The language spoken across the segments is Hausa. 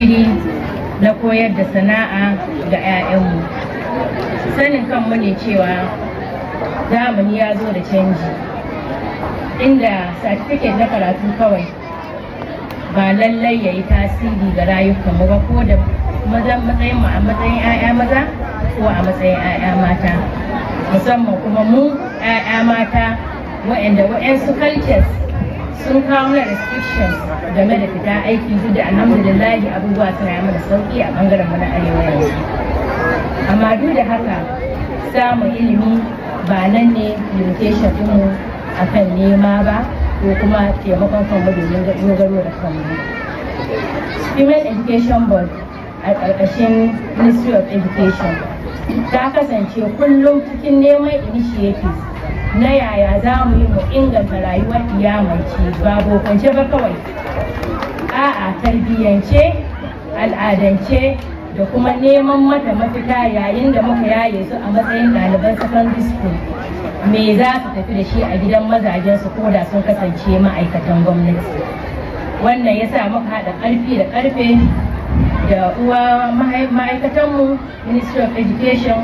iri na koyar da sana'a ga 'ya'yanmu sanin kanmu ne cewa zamani ya zo da canji inda satifiket na karatu kawai ba lallai ya yi tasiri ga rayukanmu ba ko da matsayin mu a matsayin 'ya'ya maza ko a matsayin 'ya'ya mata musamman kuma mu 'ya'ya mata wa'yan su cultures sun kawo mana restrictions game da fita aiki duk da alhamdulillahi abubuwa suna yi mana sauki a bangaren mana arewa yanzu amma duk da haka samun ilimi ba nan ne limitation ɗin mu akan nema ba ko kuma taimakon kanmu domin dogaro da kanmu Female Education Board a ƙarƙashin Ministry of Education ta kasance kullum cikin neman initiatives na yaya za mu yi mu inganta rayuwar iyamance, ba bokance ba kawai a'a tarbiyyance al'adance da kuma neman mata mafita yayin da muka yaye su a matsayin ɗaliban secondary school me za su tafi da shi a gidan mazajensu ko da sun kasance ma'aikatan gwamnati wannan ya sa muka haɗa ƙarfi da ƙarfe da uwa ma'aikatanmu ministry of education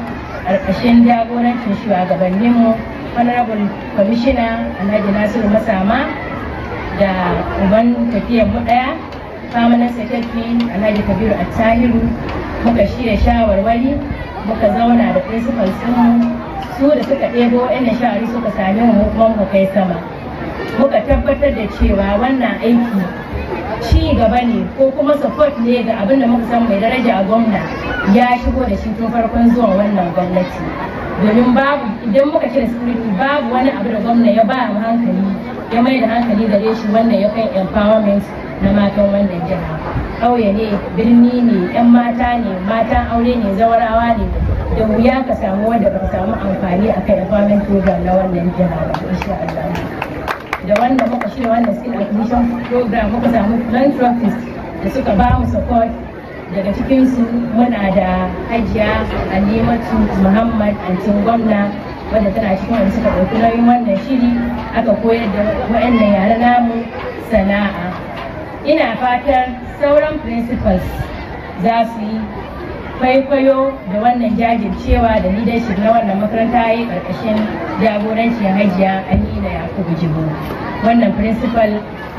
ƙarƙashin jagorancin shugabanninmu honorable commissioner alhaji nasiru masama da uban tafiyar mu ɗaya permanent secretary alhaji kabiru attahiru muka shirya shawarwari muka zauna da principal sun su da suka ɗebo yan shawari suka sami mu kuma muka kai sama muka tabbatar da cewa wannan aiki ci gaba ne ko kuma support ne ga abin da muka san mai daraja a gwamna ya shigo da shi tun farkon zuwan wannan gwamnati domin babu idan muka cire security babu wani abu da gwamna ya ba mu hankali ya mai da hankali da shi wannan ya kan empowerment na matan wannan jiha ƙauye ne birni ne 'yan mata ne matan aure ne zawarawa ne da wuya ka samu wanda ba samu amfani a kai empowerment program na wannan jiha ba insha Allah da wanda muka shirya wannan skill admission program muka samu practice da suka ba mu support daga cikinsu muna da hajiya alimatu muhammad antin gwamna wadda tana cikin wanda suka ɗauki nauyin wannan shiri aka koyar da waɗannan yare namu sana'a ina fatan sauran principals za su yi kwaikwayo da wannan jajircewa da leadership na wannan makaranta ya yi ƙarƙashin jagorancin hajiya amina yakubu jibo wannan principal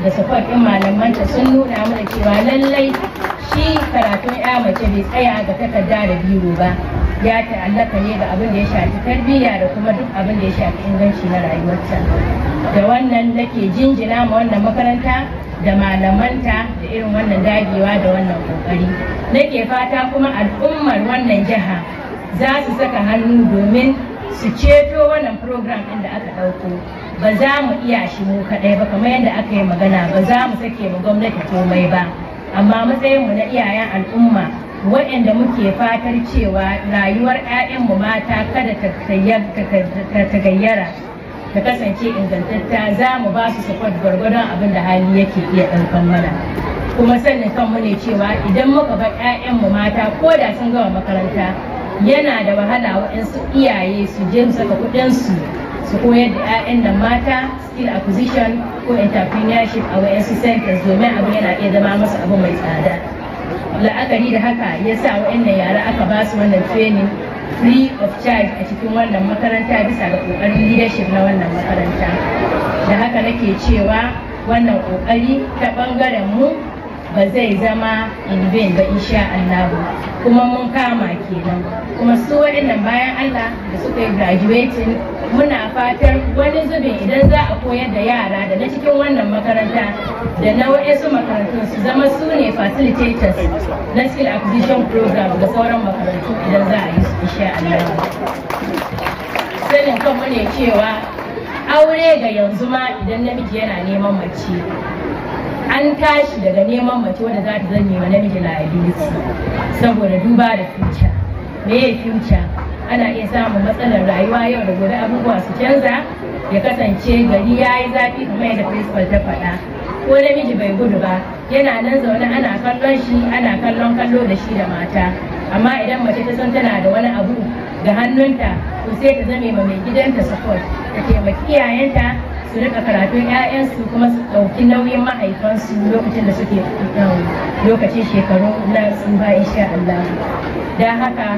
da support ɗin malamanta sun nuna mana cewa lallai shi karatun ya mace bai tsaya ga takarda da biro ba ya ta'allaka ne ga abin da ya shafi tarbiyya da kuma duk abin da ya shafi inganci na rayuwarta da wannan nake jinjina ma wannan makaranta da malamanta da irin wannan dagewa da wannan kokari nake fata kuma al'ummar wannan jiha za su saka hannu domin su ceto wannan program ɗin da aka ɗauko ba za mu iya shi mu kaɗai ba kamar yadda aka yi magana ba za mu sake mu gwamnati komai ba amma matsayin mu na iyayen al'umma waɗanda muke fatar cewa rayuwar 'ya'yanmu mata kada ta gayyara ta kasance ingantatta za mu ba su support gwargwadon abin da hali yake iya ɗaukan mana kuma sannan kanmu ne cewa idan muka bar mu mata ko da sun gama makaranta yana da wahala waɗansu iyaye su je su saka kuɗinsu su koyar da 'ya'yan da mata skill acquisition ko entrepreneurship a waɗansu centers domin abin yana iya zama masu abu mai tsada la'akari da haka ya sa waɗannan yara aka ba su wannan training free of charge a cikin wannan makaranta bisa ga kokarin leadership na wannan makaranta da haka nake cewa wannan ƙoƙari ta ɓangaren mu ba zai zama in vain ba insha Allah kuma mun kama kenan kuma su waɗannan bayan Allah da suka yi graduating muna fatan wani zubin idan za a koyar da yara da na cikin wannan makaranta da na waɗansu makarantun su zama su ne facilitators na skill acquisition program da sauran makarantu idan za a yi su insha Allah sanin kanmu ne cewa aure ga yanzu ma idan namiji yana neman mace an tashi daga neman mace wadda za ta zanye wa namiji liability saboda duba da future ya future ana iya samun matsalar rayuwa yau da gobe abubuwa su canza ya kasance gari ya yi zafi kamar yadda principal ta faɗa ko namiji bai gudu ba yana nan zaune ana kallon shi ana kallon kallo da shi da mata amma idan mace ta san tana da wani abu da hannunta to sai ta zame ma mai gidanta support ta taimaki iyayenta su rika karatun 'ya'yansu kuma su ɗauki nauyin mahaifansu lokacin da suke lokacin shekaru na ba insha Allah Da haka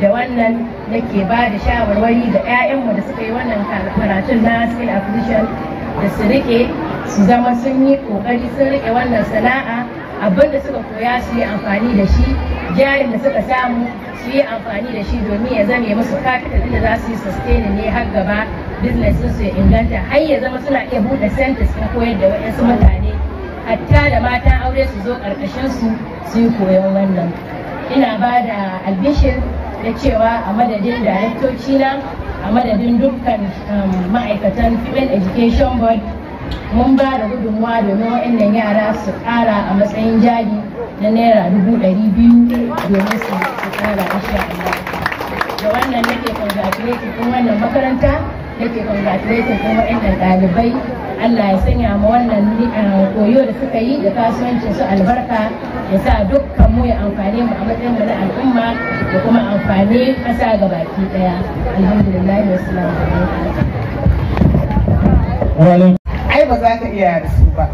da wannan nake ba da shawarwari ga 'ya'yanmu da suka yi wannan karatun na skill acquisition da su rike su zama sun yi kokari sun rike wannan sana'a abin da suka koya su yi amfani da shi jarin da suka samu su yi amfani da shi domin ya zame musu kafin da za su yi sustaining ne har gaba business su ya inganta har ya zama suna iya buɗe centers na koyar da wasu mutane hatta da matan aure su zo ƙarƙashin su su yi wannan ina ba da albishir da cewa a madadin daraktoci na a madadin dukkan um, ma'aikatan female education board mun ba da gudunmuwa domin waɗannan yara su ƙara a matsayin jari na naira dubu ɗari biyu domin su ƙara a sha. da wannan nake congratulating ɗin wannan makaranta nake congratulating kuma wa'annan ɗalibai Allah ya sanya ma wannan eh, koyo da suka yi da kasuwancin su albarka ya sa dukkan mu ya amfane mu a matsayin mu na al'umma da kuma amfani kasa ga baki daya alhamdulillah wa salamu alaikum ai ba za ka iya da su ba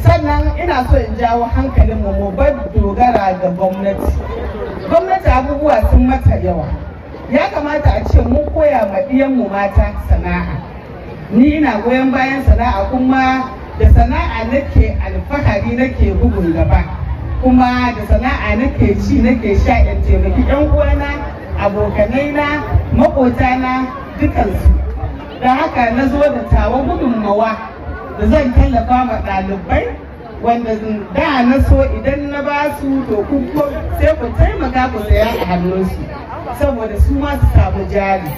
sannan ina so in jawo hankalin mu mu bar dogara ga gwamnati gwamnati abubuwa sun mata yawa ya kamata a ce mun koya ma mu mata sana'a ni ina goyon bayan sana'a kuma da sana'a nake alfahari nake bugun gaba kuma da sana'a nake ci nake sha in taimaki yan uwana abokanai na makota na dukansu da haka na zo da tawa gudunmawa da zan tallafa ma ɗalibai wanda da na so idan na ba su to sai ku taimaka ku saya a hannunsu saboda su ma su samu jari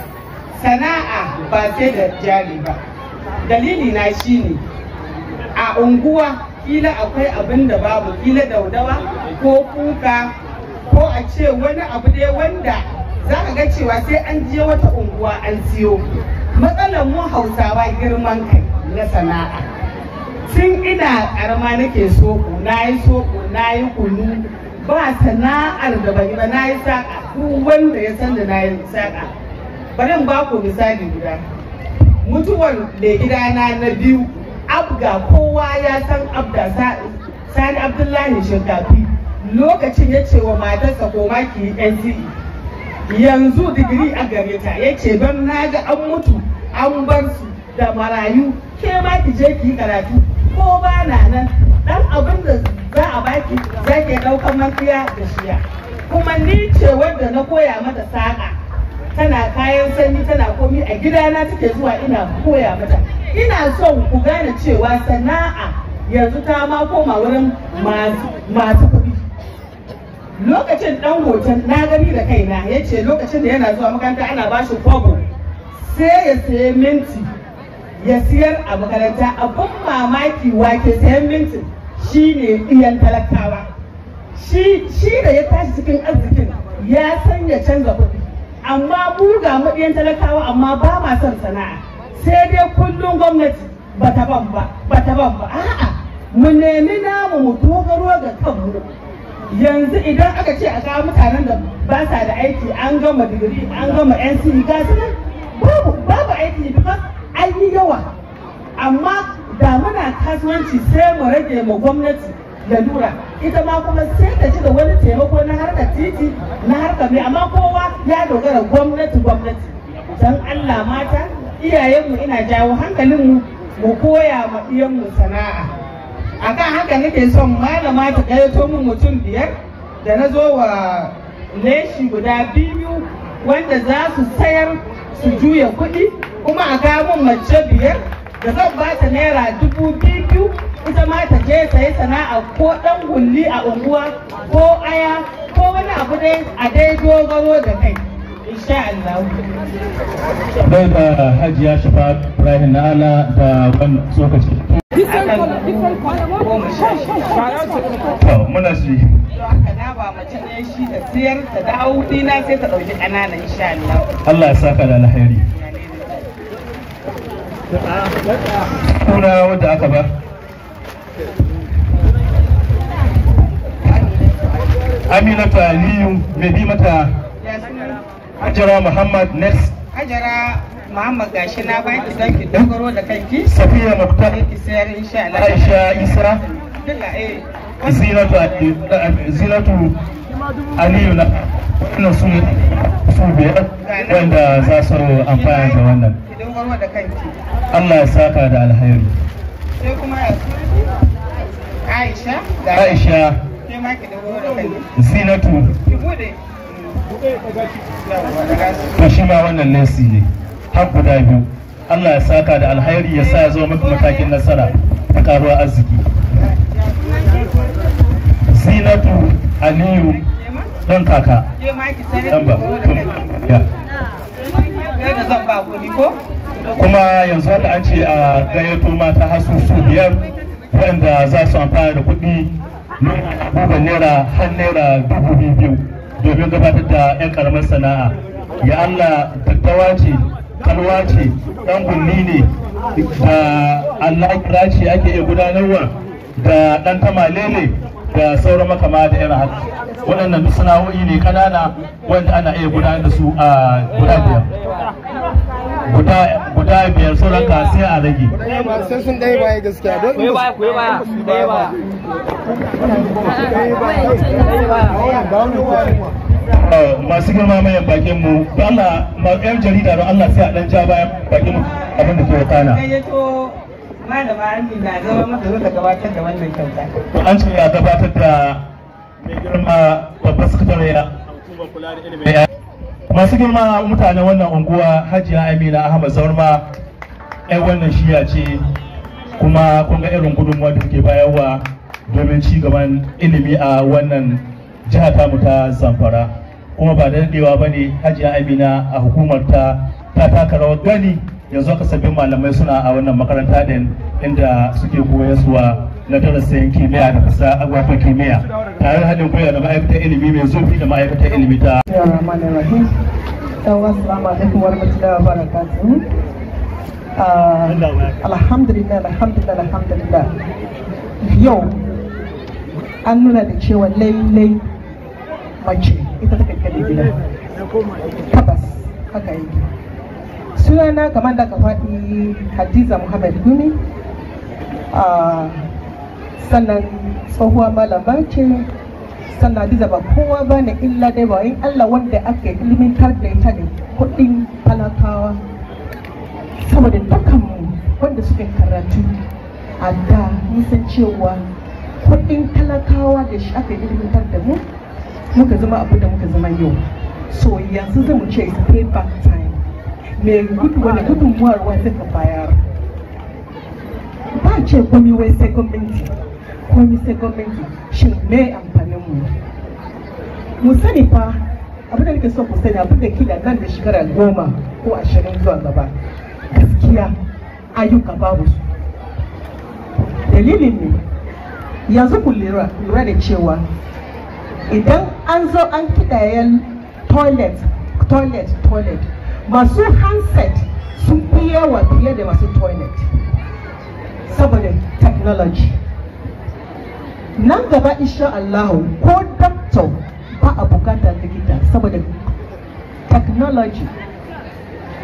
sana'a ba sai da jari ba dalili na shine a unguwa kila akwai abin da babu kila daudawa ko kuka ko a ce wani abu dai wanda za ka ga cewa sai an je wata unguwa an siyo matsalar mu hausawa girman kai na sana'a tun ina karama nake soko na yi soko na yi kunu ba sana'ar da ban ba na yi saƙa ku wanda ya san da na yi saƙa bari ba ku misali guda mutuwar da gida na na biyu abga kowa ya san abda sani abdullahi shinkafi lokacin ya ce wa matarsa ko maki nce yanzu digiri a gare ta ya ce don na ga an mutu an bar su da marayu ke ma ki je ki karatu ko ba na nan dan abin da za a baki za ki ɗaukar mafiya da shiya kuma ni ce wadda na koya mata saƙa tana kayan sanyi tana komi a gidana take zuwa ina koya mata ina son ku gane cewa sana'a yanzu ta ma koma wurin masu kuɗi lokacin ɗan hoton na gani da kaina ya ce lokacin da yana zuwa makaranta ana ba shi kwago sai ya sayi minti ya siyar a makaranta abin mamaki wake sayan minti shine iyan talakawa shi shi da ya tashi cikin arzikin ya sanya ya canza kuɗi amma mu ga talakawa amma ba ma son sana'a sai dai kullum gwamnati ba ta ban ba ba ta ban ba a'a mu nemi namu mu dogaro ga kanmu yanzu idan aka ce a kawo mutanen da ba sa da aiki an gama digiri an gama NC e, ga su nan babu babu aiki because an yi yawa amma da muna kasuwanci sai mu rage mu gwamnati lalura ita ma kuma sai ta ji da wani taimako na harkar titi na harkar mai amma kowa ya dogara gwamnati gwamnati don allah mata iyayenmu ina jawo hankalinmu mu koya ma iyanmu sana'a A kan haka nake son malama ta gayyato min mutum biyar da na zo wa leshi guda biyu wanda za su sayar su juya kuɗi kuma a kawo min mace biyar da zan ba ta naira dubu biyu ita ma ta je ta yi sana'a ko ɗan hulli a unguwa ko aya ko wani abu dai a dai dogaro da kai insha Allah. Bai da Hajiya Shafa Ibrahim ala da wani tsokaci. Muna shi. Na da ta sai ta Allah. Allah ya saka da alheri. Kuna wadda aka ba. aminata aliyu mai bi mata hajara muhammad next hajara muhammad gashi na ki don ki dogaro da kanki safiya mukta ki sayar insha Allah aisha isa eh. zinatu eh, zinatu aliyu na na su su be wanda za su amfana da wannan Allah ya saka da alheri aisha aisha da shi ma wannan nasi ne har guda biyu Allah ya saka da alhairi ya sa ya zo maka matakin nasara ta karuwa arziki zinatu aliyu don kaka dan ba ko kuma yanzu haka an ce a gayyato mata hasu su biyar waɗanda za su amfana da kuɗi abubuwan naira har naira dubu biyu domin gabatar da 'yan karamar sana'a ya allah tattawa ce kalwa ce ɗan gunni ne da allah ce ake iya gudanarwa da ɗan malele da sauran makama da irin haka waɗannan duk sana'o'i ne kanana wanda ana iya gudanar da su a guda biyar guda guda biyar su ka sai a rage eh, masu girma mai bakin mu ba Allah ma yan jarida don Allah sai a dan ja bayan bakin mu abin da ke wata na gabatar da wannan an ce ya gabatar da mai girma babban sakatare ya hukumar kula da ilimin masu girma mutanen wannan unguwa hajiya amina ahmad zaurma yan wannan shiya ce kuma kun ga irin gudunmuwa da suke bayarwa domin ci gaban ilimi a wannan jiha ta zamfara kuma ba da daɗewa ba ne hajiya amina a hukumar ta ta taka rawar gani yanzu ka sabbin malamai suna a wannan makaranta din inda suke koyaswa na darasin kimiyya da fasa agwafin kimiyya tare da haɗin gwiwa da ma'aikatar ilimi mai zurfi da ma'aikatar ilimi ta. Alhamdulillah, alhamdulillah, alhamdulillah. Yau an nuna da cewa lallai mace ita ta kakkare gida. haka yake. Sunana kamar da ka faɗi Hadiza Muhammad Gumi. Ah, sannan tsohuwa malama ce sannan diza ba kowa ba ne illa dai ba yin allah wanda ake ilmintar da ita ne kudin talakawa saboda dukkanmu wanda suke karatu a da nisan cewa kudin talakawa da shi aka ilmintar da mu muka zama abu da muka zama yau so yanzu zan ce is pay back time mai gudunmuwar gudunmuwar wanda ka bayar ba ce komi wai sai gwamnati ko mr gwamnati shin amfanin mu mu sani fa abin da nake so ku sani abin da kila nan da shekara goma ko ashirin zuwa gaba gaskiya ayyuka babu su dalilin ne yanzu ku lura da cewa idan an zo an kidayen toilet toilet toilet masu handset sun fi yawa fiye da masu toilet saboda technology nan gaba insha Allah ko doctor ba a bukatar likita saboda technology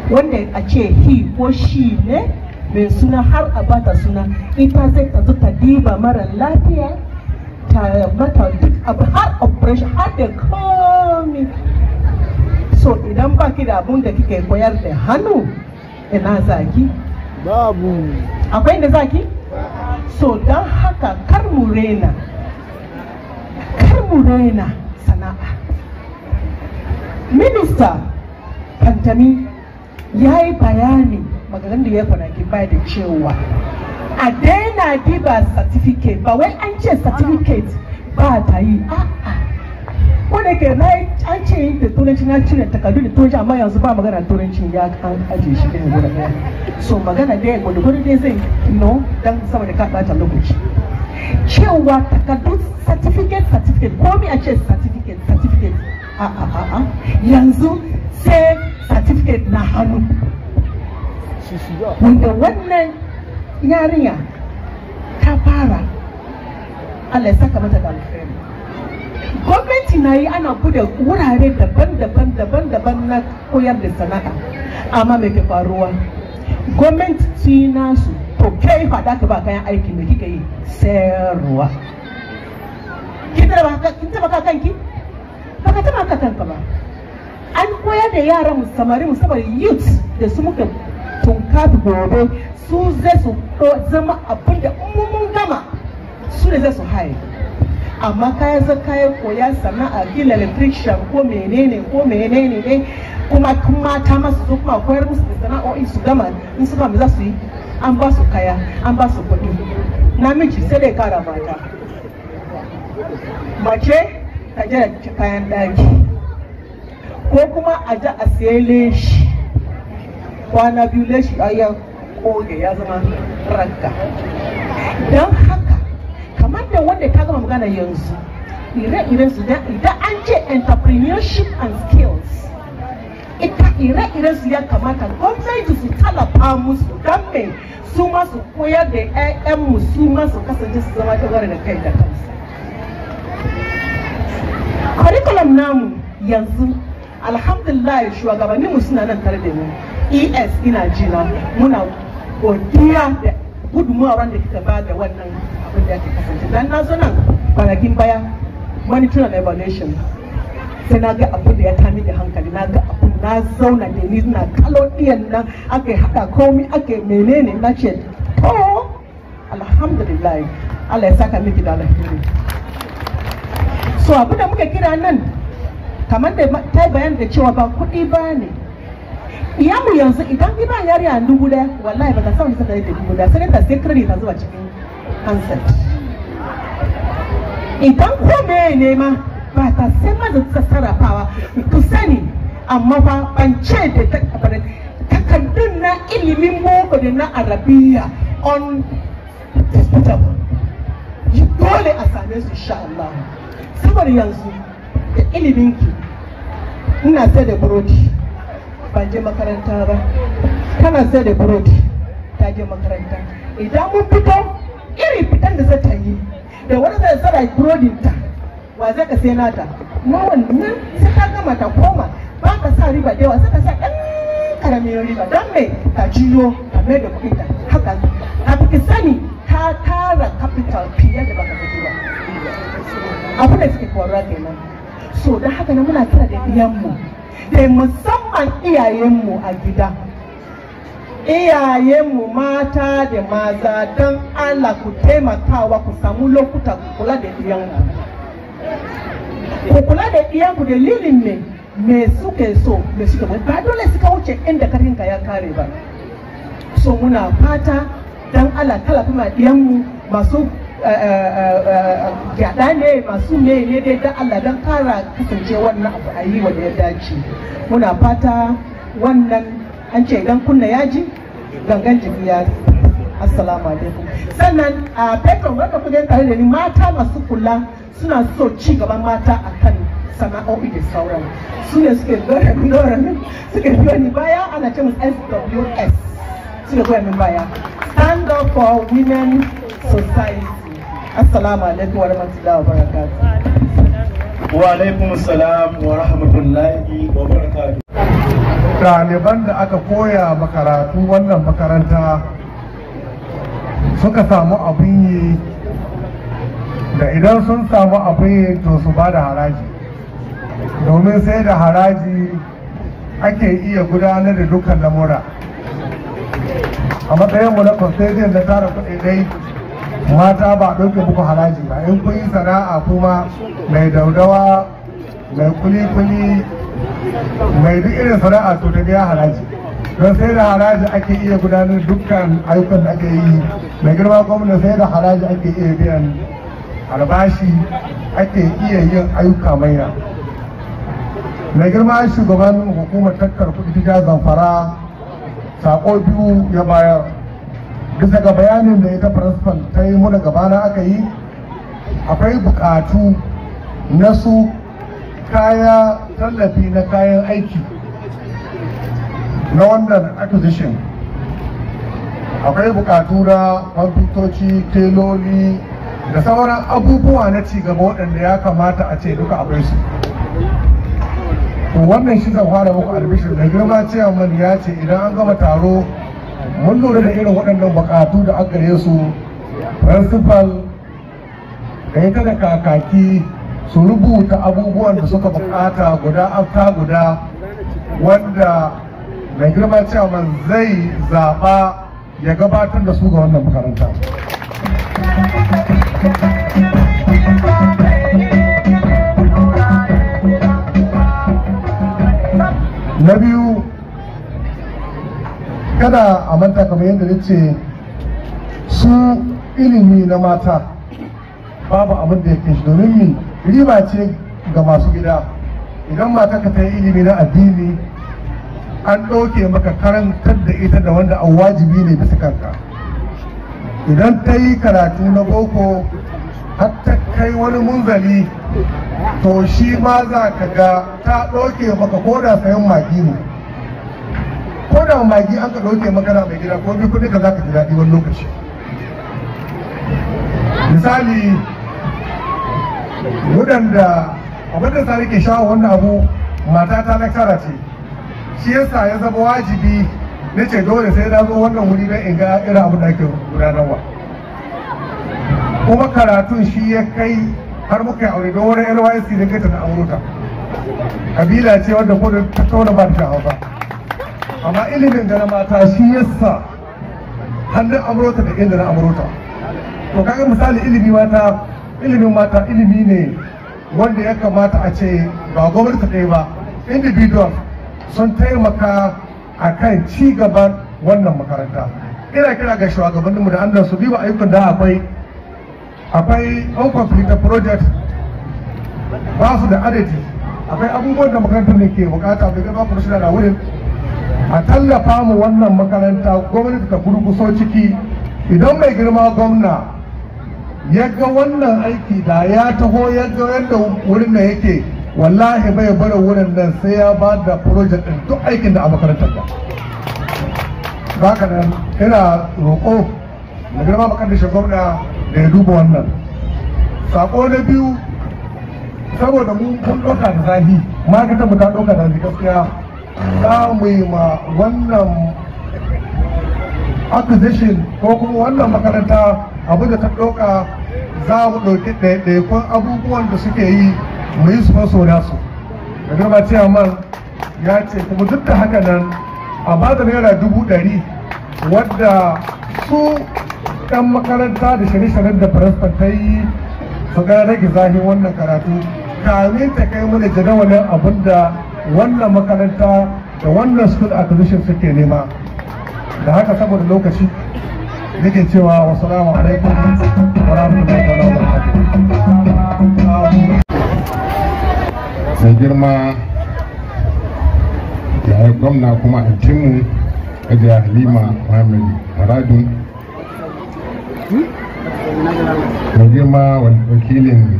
wanda a ce he ko shi ne mai suna har a bata suna ita zai ta zo diba mara lafiya ta mata duk abu har operation har da komi so idan ba ki da abun da kike koyar da hannu ina zaki babu akwai inda zaki so don haka kar mu rena kar mu rena sana'a minista fantami ya yi bayani maganin da ya kwanaki bai da cewa a daina diba certificate ba wai an ce certificate ba ta yi a'a wanda ke an ce yin da turanci na cire takardu da turanci amma yanzu ba magana turanci ya an ajiye shi ɗaya guda ɗaya so magana dai gwargwaro dai zai no dan saboda ka ɓata lokaci cewa takardu certificate certificate komi a ce certificate certificate a a a a yanzu sai certificate na hannu wanda wannan yarinya ta fara Allah ya saka mata da alkhairi gwamnati na yi ana buɗe wurare daban-daban daban-daban na koyar da sana'a amma mai ke faruwa gwamnati su nasu to kai faɗa ka ba kayan aiki mai kika yi sayarwa kin taba ka kanki Baka ka taba ka kanka ba an koyar da yaran mu samari saboda youth da su muka tunkafi gobe su zai su zama abin da mun gama su ne zai su haye amma ka zo ka yi koya sana'a kila electrician ko menene ko menene ne kuma kun mata masu su kuma koyar musu da sana'o'i su gama in su gama za su yi an ba su kaya an ba su na namiji sai dai kara mata mace ta je kayan daki ko kuma a ji a siya leshi kwana biyu leshi a yan koge ya zama ranka don amma da wanda ta gama magana yanzu ire ire su idan an ce entrepreneurship and skills ita ire ire su ya kamata gwamnati su talafa musu don mai su masu koyar da 'ya'yanmu su masu kasance su zama dogara da kai da kansu curriculum namu yanzu alhamdulillah shugabanninmu suna nan tare da mu es ina jina muna godiya da gudunmawar da kika ba da wannan abin da ya kasance dan na zo nan kwanakin baya monitor and evaluation sai na ga abin da ya tami da hankali na ga abin na zauna da ni na kalo ɗiyan nan aka yi komi aka menene na ce to alhamdulillah Allah ya saka miki da alheri so abin da muka kira nan kamar da ta bayan da cewa ba kuɗi ba ne iyamu yanzu idan iba yariya dubu daya wallahi ba ta sauri ta yi dubu daya sai ta sai credit ta zuba cikin handset idan ko me ne ma ba ta sai ma ta sarrafawa ku sani amma fa ban ce da takardun na ilimin boko da na arabiya on disputable dole a same su insha Allah saboda yanzu da iliminki ina sai da burodi ban je makaranta ba tana sai da burodi ta je makaranta idan mun fito iri fitan da zata yi da wani zai tsara burodin ta wa zai ka sai nata mu wannan sai ka gama ta koma ba ka sa riba da yawa sai ka sa dan karamin riba dan me ka jiyo ka mai da kuɗin ta haka a ki sani ta tara capital fiye da baka fito ba abu da suke faruwa kenan so don haka na muna kira da biyan mu da musamman musamman iyayenmu a gida iyayenmu mata da maza don allah ku taimakawa ku samu lokuta ku kula da iyanku ku kula da da lilin ne me suke so me suke ba dole suka wuce inda karinka ya kare ba so muna fata don allah kala kuma iyanmu masu gyaɗa eh, eh, eh, ne masu ne ne dai da Allah don kara kasance wannan abu a yi wanda ya dace muna fata wannan an ce idan kunna yaji gangan jiki ya assalamu alaikum sannan a petron wanda kuke tare da ni mata masu kula suna so ci gaban mata akan sana'o'i da sauran su ne suke dora min min suke biyo ni baya ana ce musu SWS suke goya min baya stand up for women society assalamu alaikum wa rahmatullahi wa barakatuh wa alaikum assalam wa rahmatullahi wa barakatuh ɗaliban da aka koya makaratu wannan makaranta suka samu abin yi da idan sun samu abin yi to su ba da haraji domin sai da haraji ake iya gudanar da dukkan lamura a matsayin mu na zai na tara kuɗi dai mata ba a ɗauke muku haraji ba in kun yi sana'a kuma mai daudawa mai kuli-kuli mai duk irin sana'a to ta biya haraji don sai da haraji ake iya gudanar dukkan ayyukan da ake yi mai girma gwamna sai da haraji ake iya biyan albashi ake iya yin ayyuka maina mai girma shugaban hukumar tattar kudi ta zamfara sako biyu ya bayar bisa ga bayanin da ita principal ta yi muna gabana aka yi akwai bukatu na su kaya tallafi na kayan aiki na wannan acquisition akwai bukatu na kwamfutoci teloli da sauran abubuwa na cigaba waɗanda ya kamata a ce duka akwai su wannan shi zan fara muku albishir da girma ciyaman ya ce idan an gama taro mun lura da irin waɗannan buƙatu da an gare su principal kai kada kakaki su rubuta abubuwan da suka buƙata guda afta guda wanda mai girma cewa zai zaɓa ya gabatar da su ga wannan makaranta. kada a manta kamar yadda na ce su ilimi na mata babu abin da ya ke shi domin mi riba ce ga masu gida idan mata ka ta yi ilimi na addini an ɗauke maka karantar da ita da wanda an wajibi ne bisa kanka idan ta yi karatu na boko har ta kai wani munzali to shi ma za ka ga ta ɗauke maka koda sayan magi ne ko da magi an ka ɗauke magana mai gida ko bi kuɗi ka za ka ji daɗi wani lokaci misali wadanda abinda sa nake shawo wannan abu mata ta lakcara ce shi yasa ya zama wajibi na ce dole sai na zo wannan wuri don in ga irin abin da ake gudanarwa kuma karatun shi ya kai har muka yi aure don wani nysc da kai na amurka kabila ce wanda ko ta kauna ba ta hausa amma ilimin da na mata shi yasa hannun amurota da inda amurota to kaga misali ilimi mata ilimin mata ilimi ne wanda ya kamata a ce ba gwamnati ɗaya ba individual sun taimaka a kan ci gaban wannan makaranta ina kira ga shugabanninmu da an su biyu ayyukan da akwai akwai uncompleted project ba su da adadi akwai abubuwan da makarantar ne ke bukata bai gaba kuma suna da wurin a tallafa mu wannan makaranta gwamnati ta gurguso ciki idan mai girma gwamna ya ga wannan aiki da ya taho ya ga yadda wurin da yake wallahi bai bar wurin nan sai ya ba da project din duk aikin da a makarantar da baka nan ina roƙo mai girma makarantar gwamna da ya duba wannan sako na biyu saboda mun kun ɗauka da zafi ma'aikatar ta ɗauka da zahi gaskiya za mu yi ma wannan acquisition ko kuma wannan makaranta abu da ta ɗauka za mu ɗauki ɗaiɗaikun abubuwan da suke yi mu yi su maso nasu da girma ciyaman ya ce kuma duk da haka nan a ba da naira dubu ɗari wadda su ɗan makaranta da shirye-shiryen da firansfan ta yi su ga rage zahin wannan karatu kamin ta kai mana jadawalin abin da wannan makaranta da wannan school acquisition suke nema da haka saboda lokaci nake cewa wasu alaikum wa rahmatullahi wa barakatuh Sai girma gwamna kuma a timu da halima muhammad maradun mai girma wakilin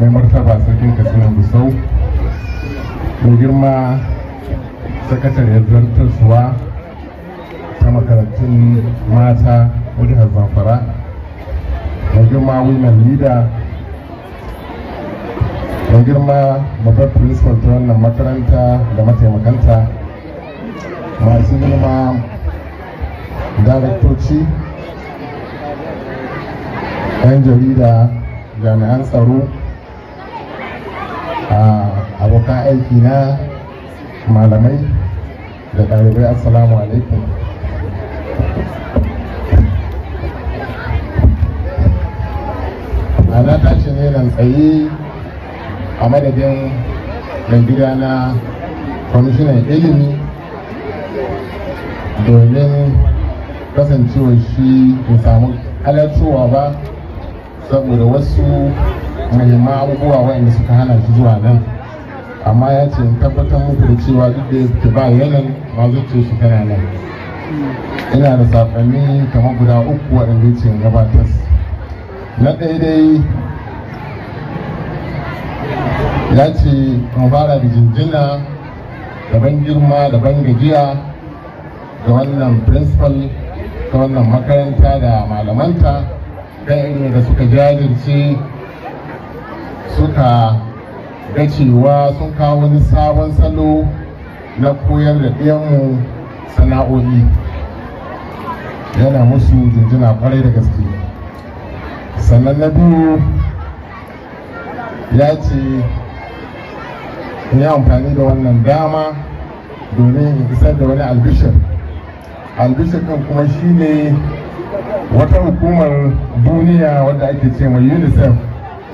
mai martaba sarkin katsina busau mai girma sakatariyar zartaswa ta makarantun mata jihar zamfara mai girma women leader mai girma babbar principal ta wannan makaranta da mataimakanta masu girma daraktoci yan jarida jami'an tsaro a abokan aiki na malamai da ɗalibai assalamu alaikum ana tashi ne nan tsaye a madadin gida na kwamishinan ilimi domin kasancewar shi bai samu halartowa ba saboda wasu muhimman abubuwa waɗanda suka hana shi zuwa nan amma ya ce in tabbatar muku da cewa duk da ke ba yanan ba zuciya shi tana nan ina da saƙonni kama guda uku waɗanda ce gabatar na ɗaya dai ya ce mu fara da jinjina da ban girma da ban gajiya ga wannan principal ta wannan makaranta da malamanta ɗaya ne da suka jajirce suka ga cewa sun kawo wani sabon salo na koyar da ɗiyanmu sana'o'i yana musu jinjina kwarai da gaske sannan na biyu ya ce yi amfani da wannan dama domin in isar da wani albishir albishir kan kuma shine wata hukumar duniya wadda ake ce mai unicef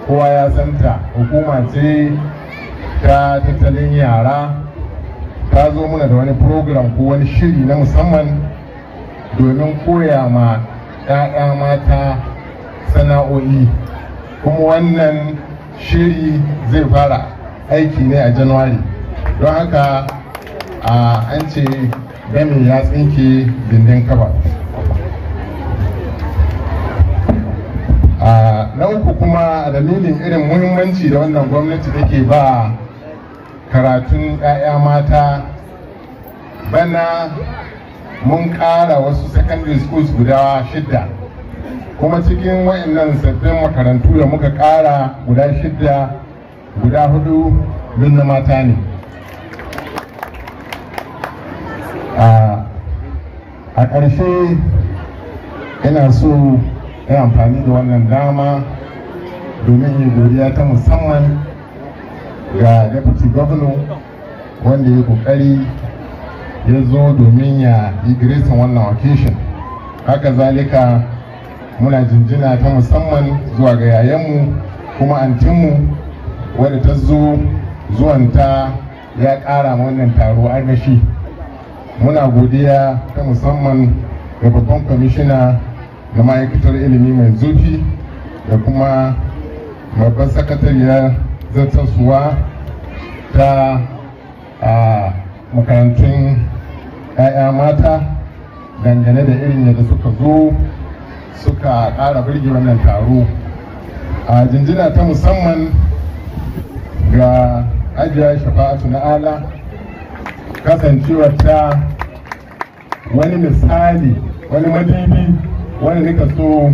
kowa ya santa hukuma ce ta tattalin yara ta zo muna da wani program ko wani shiri na musamman domin koya ma 'ya'ya mata sana'o'i kuma wannan shiri zai fara aiki ne a januwari don haka an ce gami ya tsinke gindin kaba na uku kuma a dalilin irin muhimmanci da wannan gwamnati take ba karatun 'ya'ya mata bana mun ƙara wasu secondary schools guda shidda kuma cikin wayannan sabbin makarantu da muka ƙara guda shidda guda hudu min na mata ne a ƙarshe ina so ya amfani da wannan dama domin yi godiya ta musamman ga deputy governor wanda ya kokari ya zo domin ya yi gresin wannan occasion haka zalika muna jinjina ta musamman zuwa ga yayanmu kuma antinmu wadda ta zo zuwanta ya ƙara wannan taro armashi muna godiya ta musamman ga babban kwamishina Na ma'aikatar ilimi mai zurfi da kuma babban sakatariyar zartaswa ta a makarantun 'ya'ya mata dangane da irin yadda suka zo suka ƙara birge wannan taro a jinjina ta musamman ga ajiya shafa'atu na ala kasancewar ta wani misali wani madibi wani rika so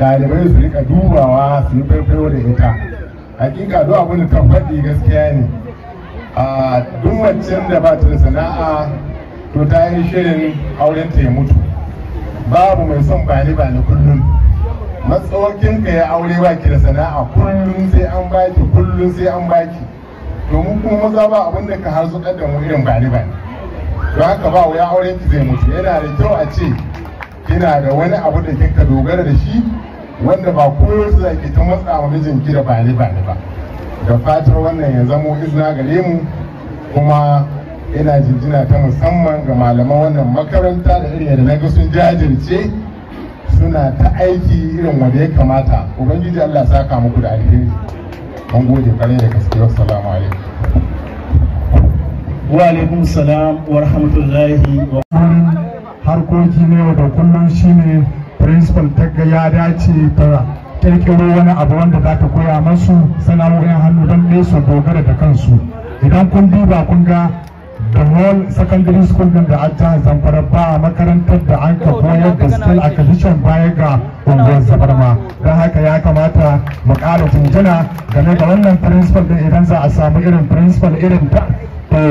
ɗalibai su rika dubawa su yi farfaiwa da ita hakika zuwa abin da faɗi gaskiya ne a duk da ba ta da sana'a to ta yi shirin auren ta ya mutu babu mai son bani bani kullum matsawakin ka ya aure ba ki da sana'a kullum sai an baki kullum sai an baki domin kuma maza ba abin da ka har harzuƙar da mu irin bani bani to haka ba wuya auren ki zai mutu yana da kyau a ce kina da wani abu da kika dogara da shi wanda ba kowa za ki ta matsa wa mijinki da ba ni ba ni ba da fatar wannan ya zamo izina gare mu kuma ina jinjina ta musamman ga malaman wannan makaranta da irin da ga sun jajirce suna ta aiki irin wanda ya kamata ubangiji Allah saka muku da alheri an gode kare da gaske assalamu alaikum wa alaikum salam wa rahmatullahi wa harkoki na yau da kullum shine principal ga ya dace ta kirkiro wani abu wanda za ta koya masu sana'o'in hannu don ɗaya su dogara da kansu idan kun duba kun ga da whole secondary school din da an zamfara ba makarantar da an ka koyar da skill acquisition baya ga unguwar zabarma don haka ya kamata mu ƙara tunjina game da wannan principal din idan za a samu irin principal irin ta to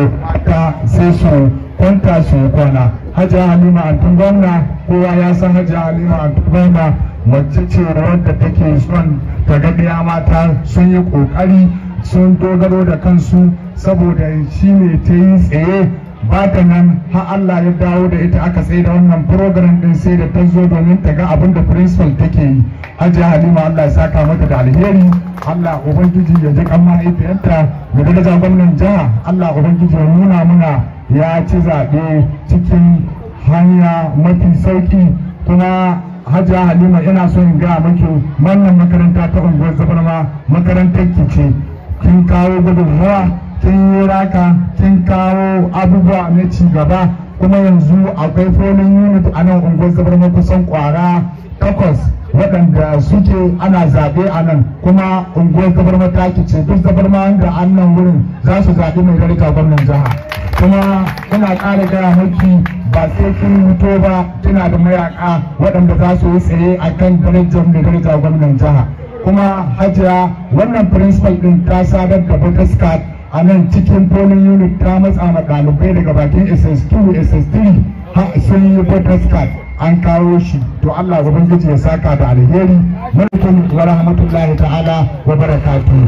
ta sai su kwanta su kwana hajiya halima antin gwamna kowa ya san hajiya halima a gwamna mace ce wadda take son ta ga mata sun yi kokari sun dogaro da kansu saboda shi ne ta yi tsaye ta nan har Allah ya dawo da ita aka tsaye da wannan program din sai da ta zo domin ta ga abin da principal take yi hajiya halima Allah ya saka mata da alheri Allah ubangiji ya ji kan mahaifiyarta da daga gwamnan jiha Allah ubangiji ya nuna muna ya ci zaɓe cikin hanya mafi sauki kuma hajiya halima yana so in gaya maki wannan makaranta ta unguwar zabarma makarantar ki ce kin kawo gudunmawa kin yi raka kin kawo abubuwa na ci gaba kuma yanzu akwai folin unit a nan unguwar zabarma kusan kwara takwas waɗanda suke ana zaɓe a nan kuma unguwar zabar mataki ce duk zabar ma da an nan wurin za su zaɓi mai rarrika gwamnan jiha kuma ina ƙara gaya maki ba sai kun fito ba kina da mayaƙa waɗanda za su yi tsaye a kan darajar mai rarrika gwamnan jiha kuma hajiya wannan principal ɗin ta sadar da buttercup a nan cikin polling unit ta matsa ma ɗalibai daga bakin ss2 ss3 sun yi protest card an kawo shi to Allah ubangiji ya saka da alheri mulkin wa rahmatullahi ta'ala wa barakatu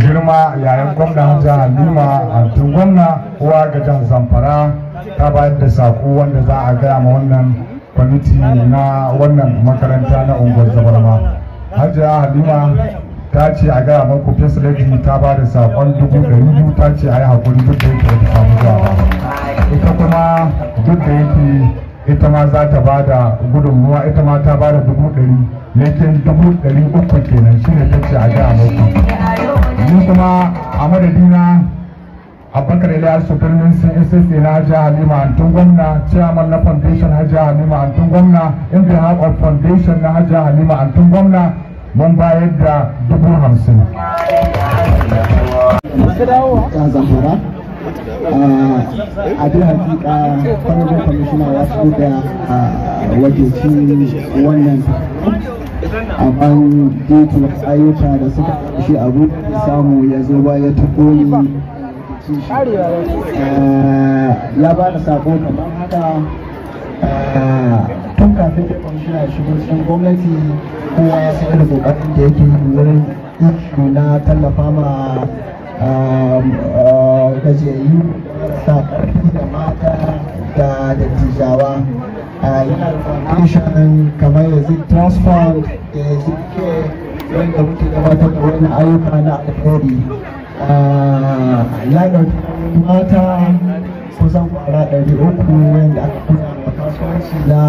girma yayin gwamna jihar Lima hantun gwamna uwa ga jan Zamfara ta bayar da sako wanda za a gaya ma wannan kwamiti na wannan makaranta na unguwar Zabarma Hajiya Halima ta ce a gaya maku facility ta ba da sakon dubu ɗari biyu ta ce a yi hakuri duk da yake ta samu zuwa ba ita kuma duk da yake ita ma za ta ba da gudunmuwa ita ma ta ba da dubu ɗari lekin dubu ɗari uku kenan shi ne ta ce a gaya maku ni kuma a madadina abubakar su birnin sun ssa na hajji halima antun gwamna chairman na foundation hajji halima antun gwamna in behalf of foundation na hajji halima antun gwamna mun bayar da dubu hamsin a duk hakika kwanar kwamishina ya su da wakilci wannan a bayan dukkan ayyuka da suka shi abu samu ya zo ba ya taɓo ya ba da sako kamar haka tun kafin da kwamishina shigo cikin gwamnati kowa ya san da kokarin da yake yi wurin ishu na tallafa ma gajiyayyu sa ƙarfi da mata da dattijawa yana da foundation kamar yanzu transform da yanzu ke wanda muke gabatar da wani ayyuka na alheri lagar mata kusan kwara ɗari uku wanda aka na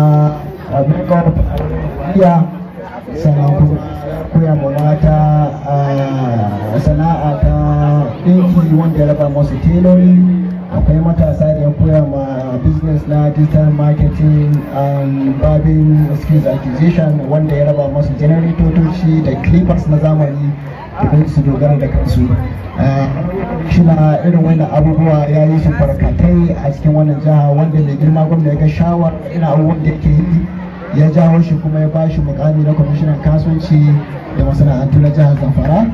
abubakar eh, iya sana'u koya mata eh, sana'a ta ɗinki wanda ya raba masu teloli akwai matasa da ya koya ma business na digital marketing and babin skills acquisition wanda ya raba masu generatoci da clippers na zamani don su dogara da kansu eh, shina irin wani abubuwa ya yi su barkatai a cikin wannan jiha wanda mai girma gwamna ya ga shawar irin abubuwan da yake yi ya jawo shi kuma ya ba shi mukami na kwamishinan kasuwanci da masana'antu na jihar zamfara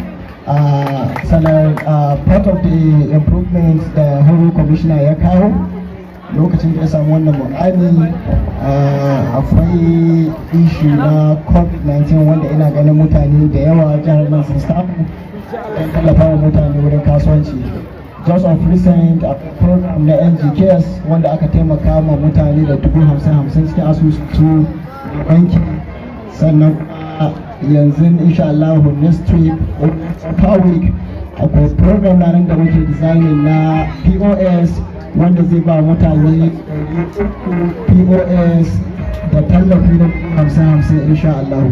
ah, sannan ah, part of the improvements da horo kwamishina ya kawo lokacin da ya samu wannan mukami ah, akwai ishi na covid-19 wanda ina ganin mutane da yawa jihar nan sun samu don tallafa wa mutane wurin kasuwanci just of recent a program na ngks wanda aka taimaka ma mutane da dubu hamsin hamsin cikin asusu banki sannan yanzu insha Allah next week or next week akwai program na nan da muke designing na pos wanda zai ba mutane pos da tallafi na hamsin hamsin insha Allah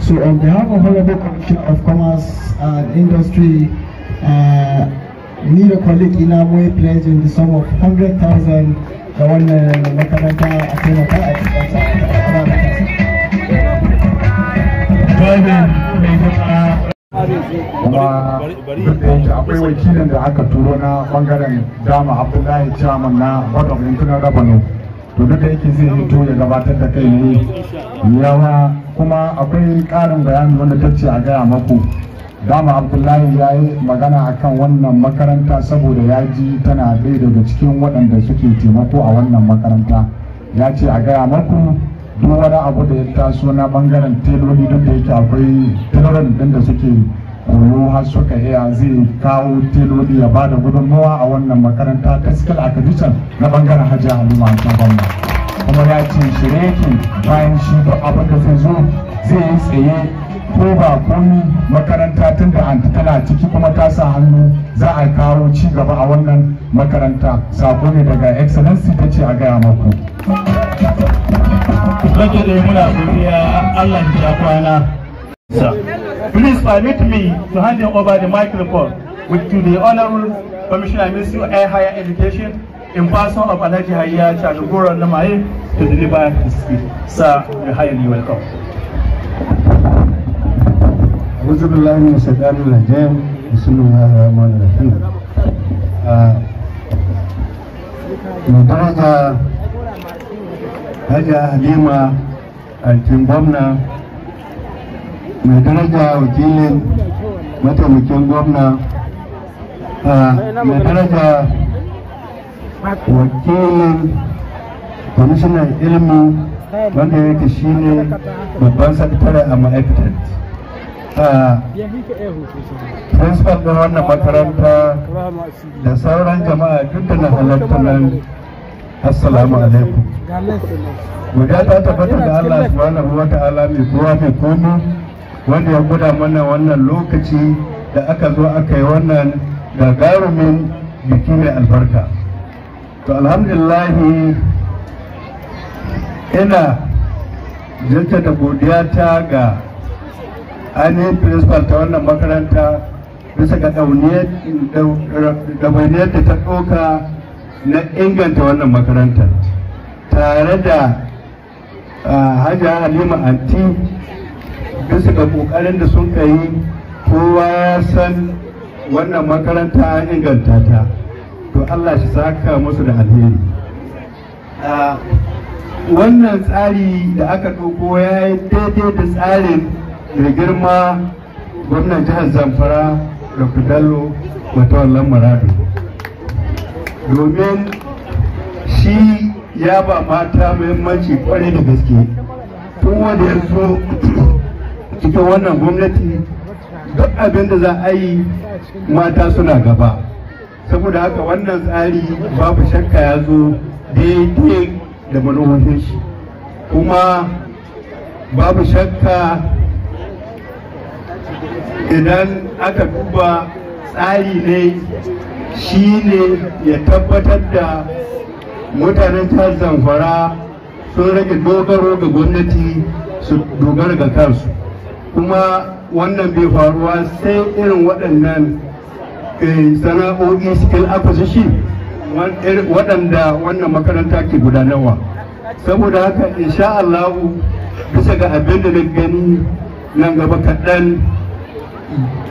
so on behalf of honorable commission of commerce and industry we ni da colleague ina mu pledge in the sum of 100,000 da wannan uh, makaranta a taimaka a cikin kuma akwai wakilin da aka turo na bangaren dama abdullahi chairman na board of internal revenue to duka yake zai hito ya gabatar da kai ne yawa kuma akwai karin bayani wanda ta ce a gaya maku dama abdullahi ya yi magana akan wannan makaranta saboda ya ji tana ɗaya daga cikin waɗanda suke taimako a wannan makaranta ya ce a gaya maku duk wani abu da ya taso na bangaren teloli duk da yake akwai telorin din da suke koyo har suka iya zai kawo teloli ya ba da gudunmawa a wannan makaranta ta skill acquisition na bangaren hajji halima ta gwamna kuma ya ce shirye yake bayan shi ba abin da zai zo zai yi tsaye ko ba komi makaranta tun da an tana ciki kuma ta sa hannu za a kawo ci gaba a wannan makaranta sako ne daga excellency ta ce a gaya maku Zaki dai muna godiya Allah ya kwana. Please permit me to hand over the microphone with to the Honorable Commissioner Ministry of Higher Education in person of Alhaji Hayya Chanugura Namaye to deliver his speech. Sir, you're highly welcome. أعوذ بالله من الشيطان الرجيم بسم الله الرحمن الرحيم. hajiya halima alkin gwamna mai daraja wakilin mataimakin gwamna mai daraja wakilin kwamishinan ilimi wanda yake shine babban sakatare a ma'aikatar principal da wannan makaranta da sauran jama'a duk da na halatta nan assalamu alaikum godiya ta tabbata da Allah subhanahu wa ta'ala mai kowa mai komi wanda ya guda mana wannan lokaci da aka zo aka yi wannan gagarumin biki mai albarka to alhamdulillahi ina da godiya ta ga ainihin principal ta wannan makaranta bisa ga dauniyar da ta ɗauka na inganta wannan makaranta tare da hajjar halima anti bisa ga kokarin da sun yi kowa ya san wannan makaranta an inganta ta to allah shi saka musu da alheri wannan tsari da aka ɗauko ya yi daidai da tsarin da girma gwamnan jihar zamfara da kudallo wallon maradu domin shi ya ba mata muhimmanci kwarai da gaske tun wanda ya zo cikin wannan gwamnati duk abin da za a yi mata suna gaba saboda haka wannan tsari babu shakka ya zo daidai da manufofin kuma babu shakka idan aka duba tsari ne shi ne ya tabbatar da mutanen ta zamfara sun rage dogaro ga gwamnati su dogara ga kansu kuma wannan bai faruwa sai irin waɗannan eh, sana'o'i skill acquisition waɗanda wannan makaranta ke gudanarwa saboda haka insha Allahu bisa ga abin da na gani nan gaba kaɗan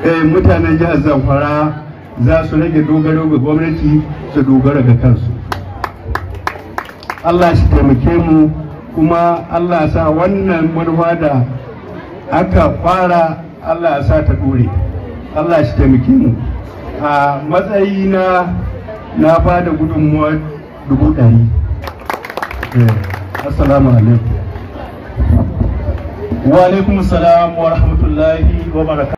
eh, mutanen jihar zamfara za su rage dogaro ga gwamnati su dogara ga kansu allah shi taimake mu kuma allah sa wannan manufa da aka fara allah sa ta dore allah shi taimake mu a matsayi na na fada gudunmuwa dubu ɗari eh, assalamu alaikum wa alaikum salam wa rahmatullahi wa barakatuh